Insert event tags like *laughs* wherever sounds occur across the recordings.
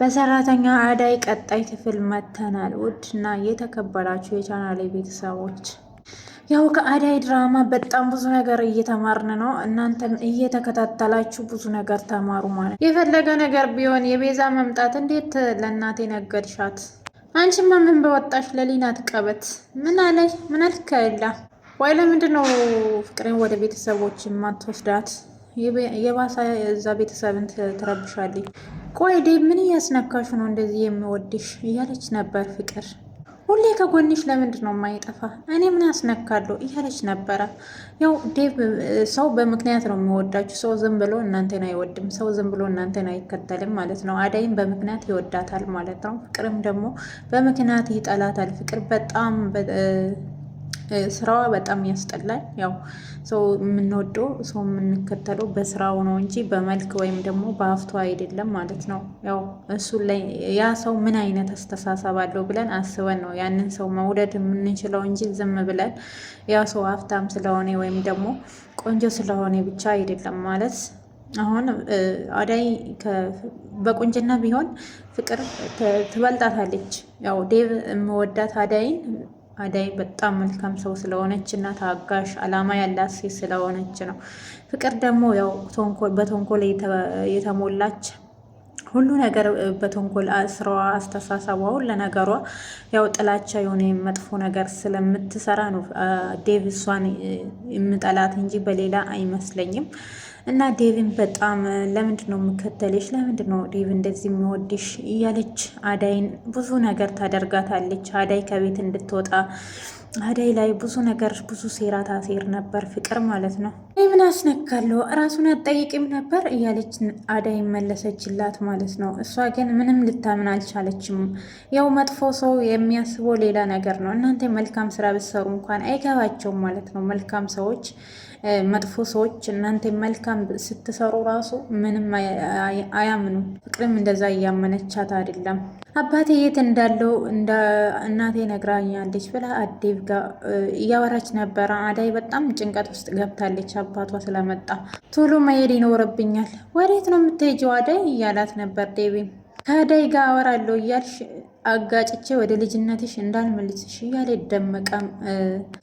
በሰራተኛ አዳይ ቀጣይ ክፍል መተናል። ውድና የተከበራችሁ የቻናሌ ቤተሰቦች ያው ከአዳይ ድራማ በጣም ብዙ ነገር እየተማርን ነው። እናንተም እየተከታተላችሁ ብዙ ነገር ተማሩ። ማለት የፈለገ ነገር ቢሆን የቤዛ መምጣት እንዴት ለእናቴ ነገርሻት? አንቺማ ምን በወጣሽ ለሊና ትቀበት ምን አለ ምን አልከላ ወይ? ለምንድን ነው ፍቅሬን ወደ ቤተሰቦች ማትወስዳት? የባሳ እዛ ቤተሰብን ትረብሻለች። ቆይ ዴብ ምን እያስነካሹ ነው እንደዚህ የምወድሽ እያለች ነበር ፍቅር። ሁሌ ከጎንሽ ለምንድን ነው የማይጠፋ እኔ ምን አስነካለሁ እያለች ነበረ። ያው ዴብ ሰው በምክንያት ነው የሚወዳችሁ። ሰው ዝም ብሎ እናንተን አይወድም። ሰው ዝም ብሎ እናንተን አይከተልም ማለት ነው። አዳይም በምክንያት ይወዳታል ማለት ነው። ፍቅርም ደግሞ በምክንያት ይጠላታል። ፍቅር በጣም ስራዋ በጣም ያስጠላል። ያው ሰው የምንወደው ሰው የምንከተለው በስራው ነው እንጂ በመልክ ወይም ደግሞ በሀፍቷ አይደለም ማለት ነው። ያው እሱ ላይ ያ ሰው ምን አይነት አስተሳሰብ አለው ብለን አስበን ነው ያንን ሰው መውደድ የምንችለው እንጂ ዝም ብለን ያ ሰው ሀብታም ስለሆነ ወይም ደግሞ ቆንጆ ስለሆነ ብቻ አይደለም ማለት አሁን አዳይ በቁንጅና ቢሆን ፍቅር ትበልጣታለች። ያው ዴቭ የምወዳት አዳይን አዳይ በጣም መልካም ሰው ስለሆነች እና ታጋሽ አላማ ያላት ሴት ስለሆነች ነው። ፍቅር ደግሞ ያው በተንኮል የተሞላች ሁሉ ነገር በተንኮል ስራዋ፣ አስተሳሰቧ፣ ሁሉ ነገሯ ያው ጥላቻ የሆነ መጥፎ ነገር ስለምትሰራ ነው ዴቭ እሷን የምጠላት እንጂ በሌላ አይመስለኝም። እና ዴቪን በጣም ለምንድን ነው የምከተልሽ? ለምንድን ነው ዴቪ እንደዚህ የሚወድሽ? እያለች አዳይን ብዙ ነገር ታደርጋታለች። አዳይ ከቤት እንድትወጣ አደይ ላይ ብዙ ነገር ብዙ ሴራ ታሴር ነበር ፍቅር ማለት ነው። ምን አስነካለሁ ራሱን አጠይቅም ነበር እያለች አደይ መለሰችላት ማለት ነው። እሷ ግን ምንም ልታምን አልቻለችም። ያው መጥፎ ሰው የሚያስበው ሌላ ነገር ነው። እናንተ መልካም ስራ ብትሰሩ እንኳን አይገባቸውም ማለት ነው። መልካም ሰዎች፣ መጥፎ ሰዎች እናንተ መልካም ስትሰሩ ራሱ ምንም አያምኑ ፍቅርም እንደዛ እያመነቻት አይደለም። አባቴ የት እንዳለው እናቴ ነግራኛለች ብላ አዴብ ጋር እያወራች ነበረ። አዳይ በጣም ጭንቀት ውስጥ ገብታለች። አባቷ ስለመጣ ቶሎ መሄድ ይኖርብኛል፣ ወዴት ነው የምትሄጂው አዳይ እያላት ነበር። ዴቤም ከአዳይ ጋር አወራለሁ እያልሽ አጋጭቼ ወደ ልጅነትሽ እንዳልመልስሽ እያለ ደመቀም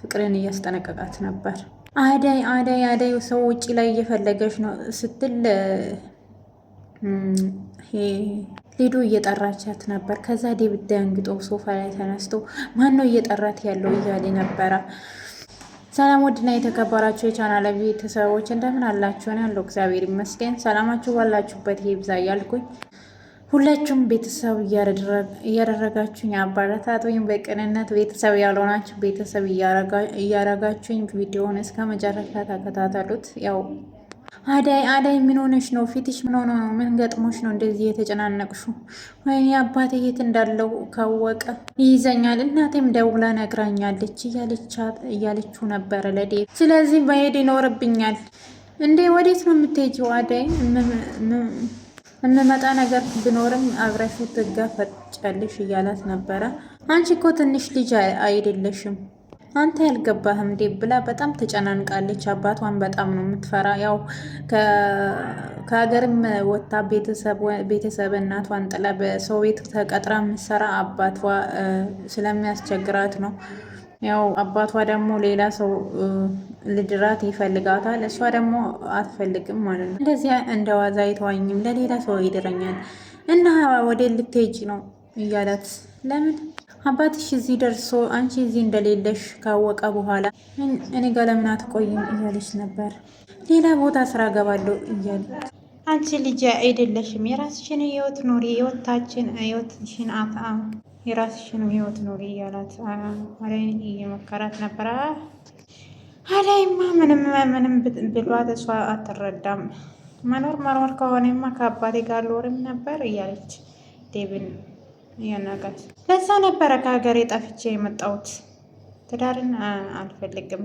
ፍቅርን እያስጠነቀቃት ነበር። አዳይ አዳይ አዳይ ሰው ውጭ ላይ እየፈለገች ነው ስትል ሊዱ እየጠራቻት ነበር። ከዛ ዴቪድ ደንግጦ ሶፋ ላይ ተነስቶ ማን ነው እየጠራት ያለው እያለ ነበረ። ሰላም ውድና የተከበራችሁ የቻናል ቤተሰቦች እንደምን አላችሁን? ያለው እግዚአብሔር ይመስገን። ሰላማችሁ ባላችሁበት ይብዛ እያልኩኝ ሁላችሁም ቤተሰብ እያደረጋችሁኝ ወይም በቅንነት ቤተሰብ ያልሆናችሁ ቤተሰብ እያረጋችሁኝ ቪዲዮውን እስከ መጨረሻ ተከታተሉት ያው አዳይ አዳይ ምን ሆነሽ ነው? ፊትሽ ምን ሆኖ ነው? ምን ገጥሞሽ ነው እንደዚህ የተጨናነቅሹ? ወይኔ አባቴ የት እንዳለው ካወቀ ይይዘኛል። እናቴም ደውላ ነግራኛለች እያለችው ነበረ ለዴት። ስለዚህ መሄድ ይኖርብኛል። እንዴ ወዴት ነው የምትሄጂው? አዳይ የምመጣ ነገር ቢኖርም ትጋ ትጋፈጫለሽ እያላት ነበረ። አንቺ እኮ ትንሽ ልጅ አይደለሽም አንተ ያልገባህም እንዴ ብላ በጣም ተጨናንቃለች። አባቷን በጣም ነው የምትፈራ። ያው ከሀገርም ወታ ቤተሰብ እናቷን ጥላ በሰው ቤት ተቀጥራ የምትሰራ አባቷ ስለሚያስቸግራት ነው። ያው አባቷ ደግሞ ሌላ ሰው ልድራት ይፈልጋታል። እሷ ደግሞ አትፈልግም ማለት ነው። እንደዚያ እንደ ዋዛ አይተዋኝም፣ ለሌላ ሰው ይድረኛል እና ወደ ልትሄጂ ነው እያላት ለምን አባትሽ እዚህ ደርሶ አንቺ እዚህ እንደሌለሽ ካወቀ በኋላ እኔ ጋር ለምን አትቆይም እያለች ነበር። ሌላ ቦታ ስራ ገባለሁ እያለች አንቺ ልጅ አይደለሽም፣ የራስሽን ህይወት ኑሪ፣ ህይወታችን ህይወትሽን አታ የራስሽን ህይወት ኑሪ እያላት አላይ እየመከራት ነበረ። አላይማ ምንም ምንም ብሏት እሷ አትረዳም። መኖር መኖር ከሆነማ ከአባቴ ጋር ልወርም ነበር እያለች ዴብን ያናጋል። ለዛ ነበረ ከሀገሬ ጠፍቼ የመጣሁት ትዳርን አልፈልግም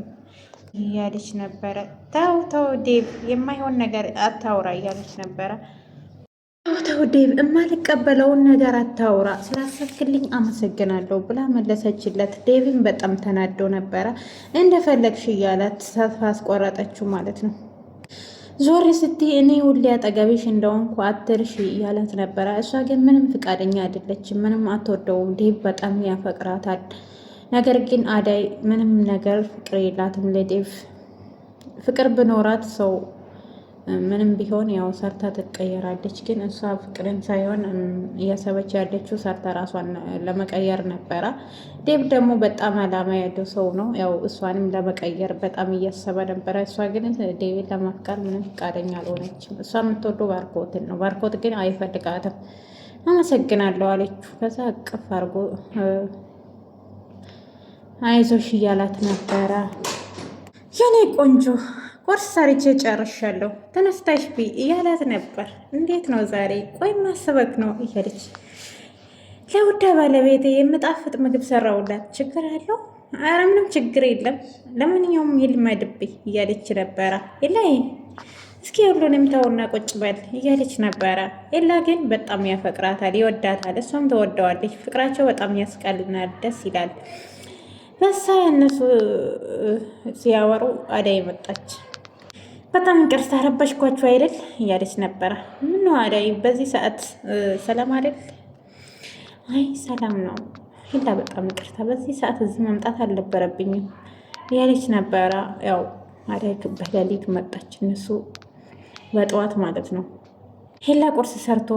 እያለች ነበረ። ተው ተው ዴቭ የማይሆን ነገር አታውራ እያለች ነበረ። ተው ተው ዴቭ የማልቀበለውን ነገር አታውራ ስላሰብክልኝ አመሰግናለሁ ብላ መለሰችለት። ዴቭን በጣም ተናዶ ነበረ። እንደፈለግሽ እያላት ተስፋ አስቆረጠችው ማለት ነው። ዞር ስትይ እኔ ሁሌ አጠገብሽ እንደሆንኩ አትርሺ እያላት ነበረ። እሷ ግን ምንም ፍቃደኛ አይደለችም። ምንም አትወደውም። ዴቭ በጣም ያፈቅራታል። ነገር ግን አዳይ ምንም ነገር ፍቅር የላትም ለዴቭ ፍቅር ብኖራት ሰው ምንም ቢሆን ያው ሰርታ ትቀየራለች። ግን እሷ ፍቅርን ሳይሆን እያሰበች ያለችው ሰርታ ራሷን ለመቀየር ነበረ። ዴብ ደግሞ በጣም አላማ ያለው ሰው ነው። ያው እሷንም ለመቀየር በጣም እያሰበ ነበረ። እሷ ግን ዴብን ለማፍቀር ምንም ፈቃደኛ አልሆነችም። እሷ የምትወደው ባርኮትን ነው። ባርኮት ግን አይፈልጋትም። አመሰግናለሁ አለችው። ከዛ እቅፍ አድርጎ አይዞሽ እያላት ነበረ የኔ ቆንጆ ቁርስ ሰርቼ ጨርሻለሁ ተነስታሽ ቢ እያላት ነበር። እንዴት ነው ዛሬ? ቆይ ማሰበክ ነው እያለች ለውዳ ባለቤቴ የምጣፍጥ ምግብ ሰራውላት። ችግር አለው? ኧረ ምንም ችግር የለም። ለማንኛውም ይልመድብኝ እያለች ነበረ ላይ እስኪ ሁሉንም ተውና ቁጭ በል እያለች ነበረ። ኤላ ግን በጣም ያፈቅራታል፣ ይወዳታል፣ እሷም ተወደዋለች። ፍቅራቸው በጣም ያስቀልናል፣ ደስ ይላል። በሳ እነሱ ሲያወሩ አደይ መጣች። በጣም እንቅርስ ታረበሽኳችሁ አይደል እያለች ነበረ። ምን አዳይ በዚህ ሰዓት ሰላም አይደል? አይ ሰላም ነው ሂላ፣ በጣም ይቅርታ በዚህ ሰዓት እዚህ መምጣት አልነበረብኝም እያለች ነበረ። ያው አዳይ በሌሊት መጣች፣ እነሱ በጠዋት ማለት ነው። ሄላ ቁርስ ሰርቶ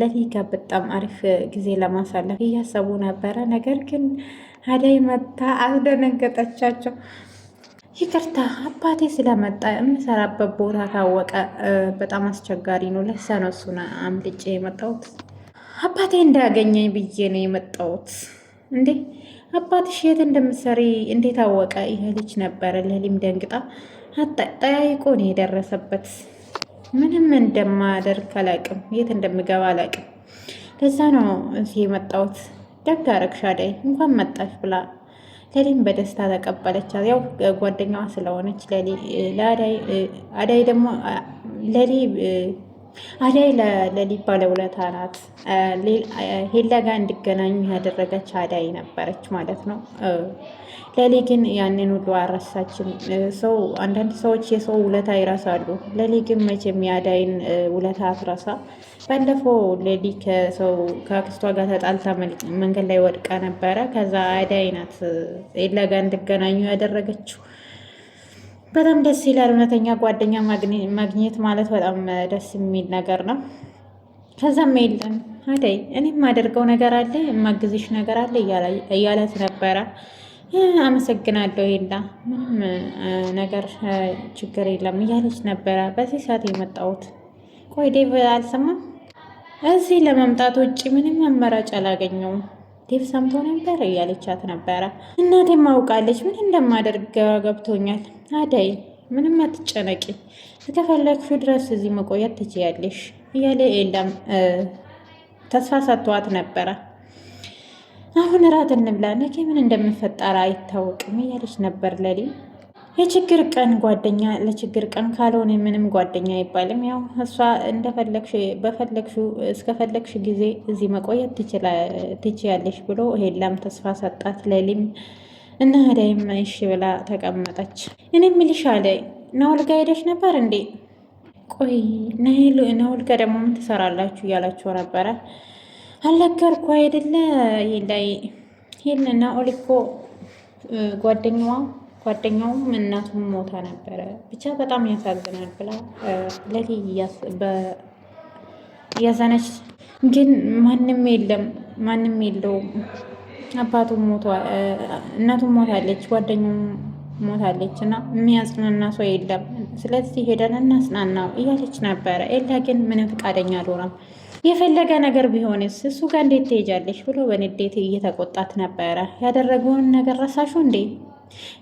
ለሊጋ በጣም አሪፍ ጊዜ ለማሳለፍ እያሰቡ ነበረ። ነገር ግን አዳይ መታ አስደነገጠቻቸው። ይቅርታ አባቴ ስለመጣ የምሰራበት ቦታ ታወቀ። በጣም አስቸጋሪ ነው። ለዛ ነው እሱን አምልጬ የመጣሁት። አባቴ እንዳያገኘኝ ብዬ ነው የመጣሁት። እንዴ አባትሽ የት እንደምትሰሪ እንዴት አወቀ? ይሄ ልጅ ነበረ። ለሊም ደንግጣ ጠያይቆ ነው የደረሰበት። ምንም እንደማደርግ አላውቅም፣ የት እንደምገባ አላውቅም። ለዛ ነው እዚህ የመጣሁት። ደግ አደረግሽ አደይ፣ እንኳን መጣሽ ብላ ቴሊን በደስታ ተቀበለች። ያው ጓደኛዋ ስለሆነች ለአዳይ ደግሞ ለሌ አደይ ለሊብ ባለውለታ ናት። ሄላ ጋር እንዲገናኙ ያደረገች አዳይ ነበረች ማለት ነው። ለሊ ግን ያንን ሁሉ አረሳችም። ሰው አንዳንድ ሰዎች የሰው ውለታ ይረሳሉ። ለሊ ግን መቼም የአዳይን ውለታ አትረሳ። ባለፈው ለሊ ከሰው ከክስቷ ጋር ተጣልታ መንገድ ላይ ወድቃ ነበረ። ከዛ አዳይ ናት ሄላ ጋር እንድገናኙ ያደረገችው። በጣም ደስ ይላል። እውነተኛ ጓደኛ ማግኘት ማለት በጣም ደስ የሚል ነገር ነው። ከዛም የለም አደይ እኔ የማደርገው ነገር አለ የማግዝሽ ነገር አለ እያለት ነበረ። አመሰግናለሁ የላ ምንም ነገር ችግር የለም እያለች ነበረ። በዚህ ሰዓት የመጣሁት ቆይ ዴቭ አልሰማም። እዚህ ለመምጣት ውጭ ምንም አማራጭ አላገኘውም። ዴቭ ሰምቶ ነበር እያለቻት ነበረ። እናቴ ማውቃለች ምን እንደማደርግ ገብቶኛል። አደይ ምንም አትጨነቂ፣ እስከፈለግሽው ድረስ እዚህ መቆየት ትችያለሽ እያለ የለም ተስፋ ሰጥቷት ነበረ። አሁን እራት እንብላ፣ ነገ ምን እንደምፈጠር አይታወቅም እያለች ነበር ለሊ የችግር ቀን ጓደኛ ለችግር ቀን ካልሆነ ምንም ጓደኛ አይባልም። ያው እሷ እንደፈለግሽ በፈለግሽው እስከፈለግሽ ጊዜ እዚህ መቆየት ትችያለሽ ብሎ ሄላም ተስፋ ሰጣት። ለሊም እና አዳይም እሺ ብላ ተቀመጠች። እኔ ምልሽ አለ ናውልጋ ጋ ሄደሽ ነበር እንዴ? ቆይ ናውል ጋ ደግሞ ምን ትሰራላችሁ እያላችሁ ነበረ። አልነገርኩ አይደለ? ሄላይ ሄልና ኦሊኮ ጓደኛዋ ጓደኛውም እናቱም ሞታ ነበረ። ብቻ በጣም ያሳዝናል ብላ ለሊ እያዘነች ግን ማንም የለም ማንም የለውም። አባቱ እናቱም ሞታለች፣ ጓደኛውም ሞታለች እና የሚያጽናና ሰው የለም። ስለዚህ ሄደን እናጽናናው እያለች ነበረ። ኤላ ግን ምንም ፈቃደኛ አልሆነም። የፈለገ ነገር ቢሆንስ እሱ ጋር እንዴት ትሄጃለሽ ብሎ በንዴት እየተቆጣት ነበረ። ያደረገውን ነገር ረሳሹ እንዴ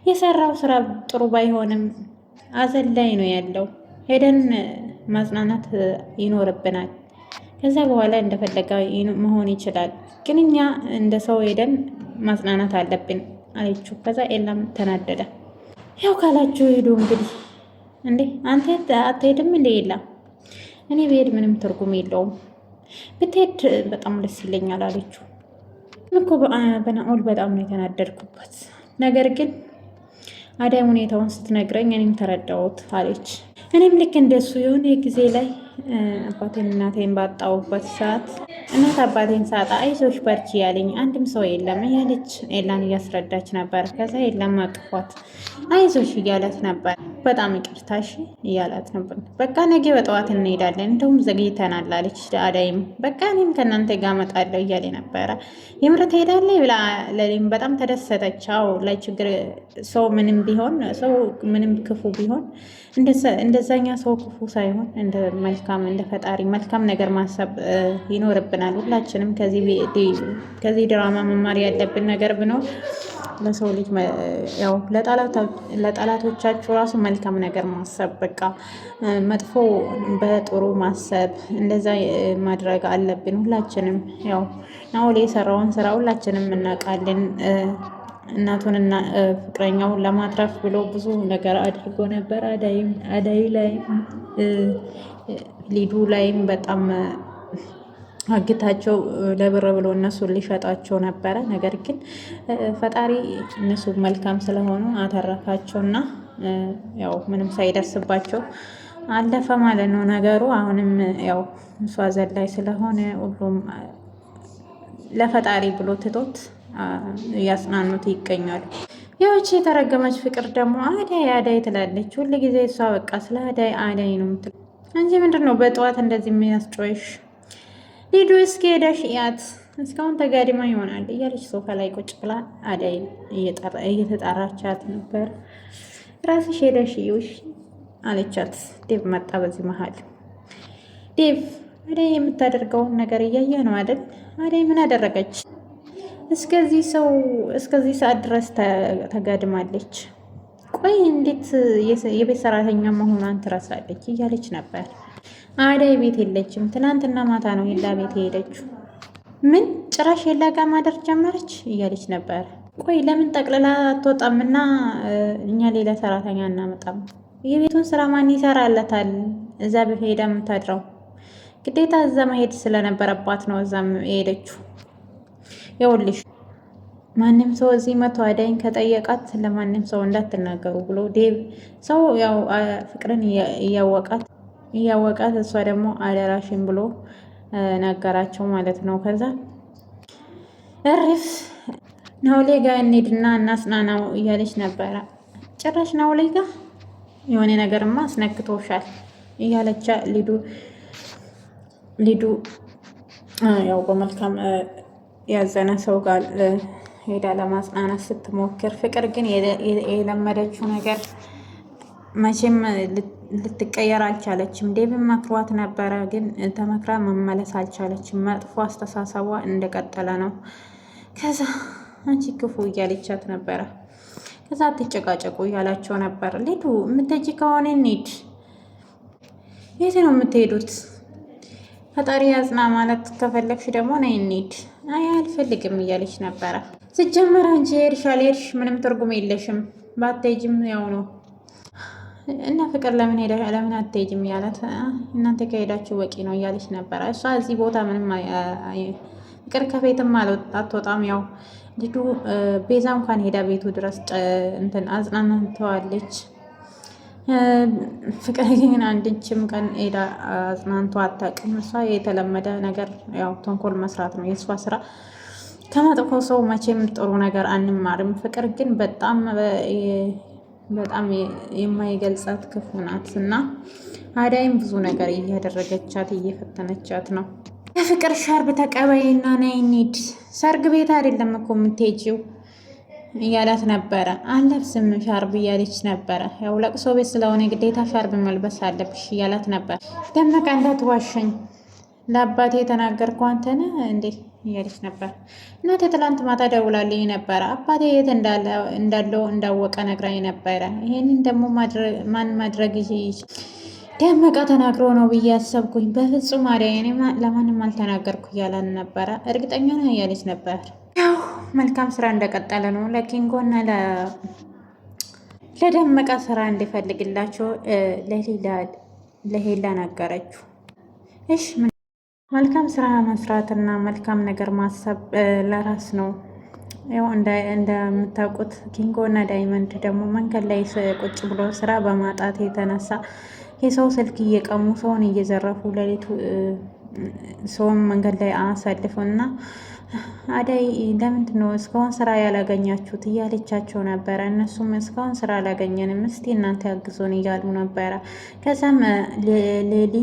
የሰራው ስራ ጥሩ ባይሆንም አዘን ላይ ነው ያለው። ሄደን ማጽናናት ይኖርብናል። ከዛ በኋላ እንደፈለገ መሆን ይችላል፣ ግን እኛ እንደ ሰው ሄደን ማጽናናት አለብን አለችው። ከዛ ኤላም ተናደደ። ያው ካላችሁ ሄዱ እንግዲህ። እንዴ አንተ አትሄድም እንዴ የላ እኔ ብሄድ ምንም ትርጉም የለውም፣ ብትሄድ በጣም ደስ ይለኛል አለችው። እኮ በናኦል በጣም ነው የተናደድኩበት ነገር ግን አዳም ሁኔታውን ስትነግረኝ እኔም ተረዳሁት አለች። እኔም ልክ እንደሱ የሆነ ጊዜ ላይ አባቴን እናቴን ባጣውበት ሰዓት እናት አባቴን ሳጣ አይዞሽ በርቺ ያለኝ አንድም ሰው የለም እያለች ኤላን እያስረዳች ነበር። ከዛ ኤላም አቅፏት አይዞሽ እያላት ነበር። በጣም ይቅርታ እሺ እያላት ነበር። በቃ ነገ በጠዋት እንሄዳለን እንደውም ዘግይተናል አለች አዳይም። በቃ እኔም ከእናንተ ጋር እመጣለሁ እያለ ነበረ። የምር ትሄዳለህ ብላ ለሊም በጣም ተደሰተች። አዎ ለችግር ሰው ምንም ቢሆን ሰው ምንም ክፉ ቢሆን እንደዛኛ ሰው ክፉ ሳይሆን እንደ መልካም እንደ ፈጣሪ መልካም ነገር ማሰብ ይኖርብናል። ሁላችንም ከዚህ ድራማ መማር ያለብን ነገር ብኖር ለሰው ልጅ ያው ለጠላቶቻችሁ ራሱ መልካም ነገር ማሰብ በቃ መጥፎ በጥሩ ማሰብ እንደዛ ማድረግ አለብን። ሁላችንም ያው ናሆል የሰራውን ስራ ሁላችንም እናውቃለን። እናቱንና ፍቅረኛውን ለማትረፍ ብሎ ብዙ ነገር አድርጎ ነበር። አዳይ ላይም ሊዱ ላይም በጣም አግታቸው ለብር ብሎ እነሱን ሊሸጣቸው ነበረ። ነገር ግን ፈጣሪ እነሱ መልካም ስለሆኑ አተረፋቸውና ያው ምንም ሳይደርስባቸው አለፈ ማለት ነው ነገሩ። አሁንም ያው እሷ ዘላይ ስለሆነ ሁሉም ለፈጣሪ ብሎ ትቶት እያጽናኑት ይገኛሉ። ያዎች የተረገመች ፍቅር ደግሞ አዳይ አዳይ ትላለች ሁል ጊዜ። እሷ በቃ ስለ አዳይ አዳይ ነው ምትል እንጂ ምንድን ነው በጠዋት እንደዚህ የሚያስጮይሽ? ሊዱ እስኪ ሄደሽ እያት እስካሁን ተጋድማ ይሆናል እያለች ሶፋ ላይ ቁጭ ብላ አዳይ እየተጣራቻት ነበር። ራስሽ ሄደሽ ይውሽ አለቻት። ዴቭ መጣ። በዚህ መሀል ዴቭ አደይ የምታደርገውን ነገር እያየ ነው አይደል? አደይ ምን አደረገች? እስከዚህ ሰው እስከዚህ ሰዓት ድረስ ተጋድማለች። ቆይ እንዴት የቤት ሰራተኛ መሆኗን ትረሳለች? እያለች ነበር። አደይ ቤት የለችም። ትናንትና ማታ ነው ሄላ ቤት የሄደችው። ምን ጭራሽ ሄላ ጋር ማደር ጀመረች? እያለች ነበር ቆይ ለምን ጠቅልላ አትወጣም እና እኛ ሌላ ሰራተኛ እናመጣም? የቤቱን ስራ ማን ይሰራለታል? እዛ ብሄዳ የምታድረው ግዴታ እዛ መሄድ ስለነበረባት ነው እዛም የሄደችው። የውልሽ ማንም ሰው እዚህ መቶ አዳኝ ከጠየቃት ለማንም ሰው እንዳትናገሩ ብሎ ዴቭ ሰው ያው ፍቅርን እያወቃት እያወቃት እሷ ደግሞ አደራሽን ብሎ ነገራቸው ማለት ነው። ከዛ እሪፍ ናውሌ ጋር እንሂድና እናጽናናው እያለች ነበረ። ጭራሽ ናውሌ ጋር የሆነ ነገርማ አስነክቶሻል እያለቻ ሊዱ ሊዱ ያው በመልካም ያዘነ ሰው ጋር ሄዳ ለማጽናናት ስትሞክር፣ ፍቅር ግን የለመደችው ነገር መቼም ልትቀየር አልቻለችም። ዴብን መክሯት ነበረ፣ ግን ተመክራ መመለስ አልቻለችም። መጥፎ አስተሳሰቧ እንደቀጠለ ነው። ከዛ አንቺ ክፉ እያለቻት ነበረ። ከዛ አትጨቃጨቁ እያላቸው ነበር። ሊዱ የምትሄጂ ከሆነ እንሂድ። የት ነው የምትሄዱት? ፈጣሪ ያጽና ማለት ከፈለግሽ ደግሞ ነይ እንሂድ። አይ አልፈልግም እያለች ነበረ። ስጀመር አንቺ ሄድሽ አልሄድሽ ምንም ትርጉም የለሽም። ባትሄጂም ያው ነው እና ፍቅር ለምን ሄደ ለምን አትሄጂም እያላት እናንተ ከሄዳችሁ ወቂ ነው እያለች ነበረ። እሷ እዚህ ቦታ ምንም ፍቅር ከቤትም አትወጣም ያው ልጁ ቤዛ እንኳን ሄዳ ቤቱ ድረስ እንትን አጽናንተዋለች። ፍቅር ግን አንድችም ቀን ሄዳ አጽናንቶ አታውቅም። እሷ የተለመደ ነገር ያው ተንኮል መስራት ነው የእሷ ስራ። ከመጥፎ ሰው መቼም ጥሩ ነገር አንማርም። ፍቅር ግን በጣም በጣም የማይገልጻት ክፉ ናት እና አዳይም ብዙ ነገር እያደረገቻት እየፈተነቻት ነው። የፍቅር ሻርብ ተቀበይና ነይ እንሂድ። ሰርግ ቤት አይደለም እኮ የምትሄጂው እያላት ነበረ። አለብስም ሻርብ እያለች ነበረ። ያው ለቅሶ ቤት ስለሆነ ግዴታ ሻርብ መልበስ አለብሽ እያላት ነበር። ደመቀ እንዳትዋሸኝ ለአባቴ የተናገርከው አንተ እንዴ እያለች ነበር። እናቴ ትላንት ማታ ደውላልኝ ነበረ። አባቴ የት እንዳለው እንዳወቀ ነግራኝ ነበረ። ይሄንን ደግሞ ማን ማድረግ ደመቀ ተናግሮ ነው ብዬ አሰብኩኝ። በፍጹም አደይ፣ እኔ ለማንም አልተናገርኩ እያለን ነበረ። እርግጠኛ ነው እያለች ነበር። ያው መልካም ስራ እንደቀጠለ ነው። ለኪንጎና ለደመቀ ስራ እንዲፈልግላቸው ለሄላ ነገረችው። እሽ መልካም ስራ መስራትና መልካም ነገር ማሰብ ለራስ ነው። ያው እንደምታውቁት ኪንጎና ዳይመንድ ደግሞ መንገድ ላይ ቁጭ ብሎ ስራ በማጣት የተነሳ የሰው ስልክ እየቀሙ ሰውን እየዘረፉ ሌሊቱ ሰውን መንገድ ላይ አሳልፈው እና አደይ ለምንድን ነው እስካሁን ስራ ያላገኛችሁት እያለቻቸው ነበረ። እነሱም እስካሁን ስራ አላገኘንም፣ እስቲ እናንተ ያግዞን እያሉ ነበረ። ከዛም ሌሊ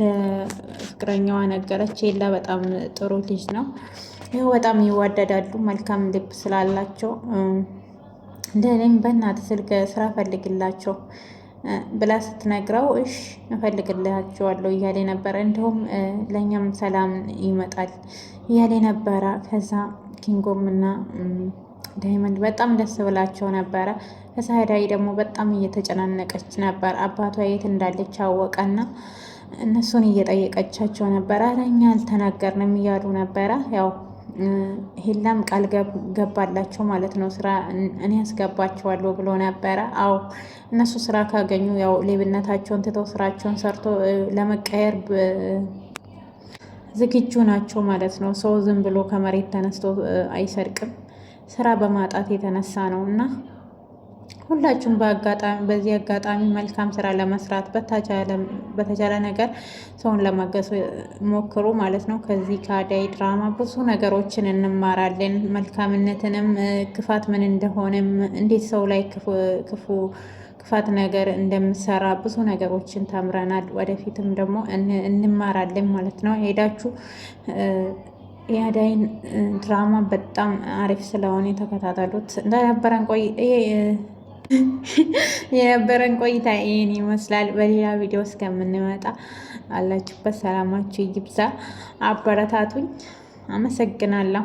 ለፍቅረኛዋ ነገረች። የላ በጣም ጥሩ ልጅ ነው፣ ይህ በጣም ይዋደዳሉ፣ መልካም ልብ ስላላቸው ለእኔም በእናተ ስልክ ስራ ፈልግላቸው ብላ ስትነግረው እሽ እፈልግላቸዋለሁ እያሌ ነበረ። እንዲሁም ለእኛም ሰላም ይመጣል እያሌ ነበረ። ከዛ ኪንጎም እና ዳይመንድ በጣም ደስ ብላቸው ነበረ። ከዛ ደግሞ በጣም እየተጨናነቀች ነበር። አባቷ የት እንዳለች አወቀና እነሱን እየጠየቀቻቸው ነበረ። ለእኛ አልተናገርንም እያሉ ነበረ ያው ሄላም ቃል ገባላቸው ማለት ነው። ስራ እኔ ያስገባቸዋለሁ ብሎ ነበረ። አዎ እነሱ ስራ ካገኙ ያው ሌብነታቸውን ትተው ስራቸውን ሰርቶ ለመቀየር ዝግጁ ናቸው ማለት ነው። ሰው ዝም ብሎ ከመሬት ተነስቶ አይሰርቅም። ስራ በማጣት የተነሳ ነው እና ሁላችሁም በዚህ አጋጣሚ መልካም ስራ ለመስራት በተቻለ ነገር ሰውን ለማገዝ ሞክሩ ማለት ነው። ከዚህ ከአደይ ድራማ ብዙ ነገሮችን እንማራለን። መልካምነትንም ክፋት ምን እንደሆነም እንዴት ሰው ላይ ክፉ ክፋት ነገር እንደምሰራ ብዙ ነገሮችን ተምረናል። ወደፊትም ደግሞ እንማራለን ማለት ነው። ሄዳችሁ የአደይን ድራማ በጣም አሪፍ ስለሆነ የተከታተሉት እንደነበረን ቆይ *laughs* የነበረን ቆይታ ይህን ይመስላል። በሌላ ቪዲዮ እስከምንመጣ አላችሁበት ሰላማችሁ ይብዛ። አበረታቱኝ። አመሰግናለሁ።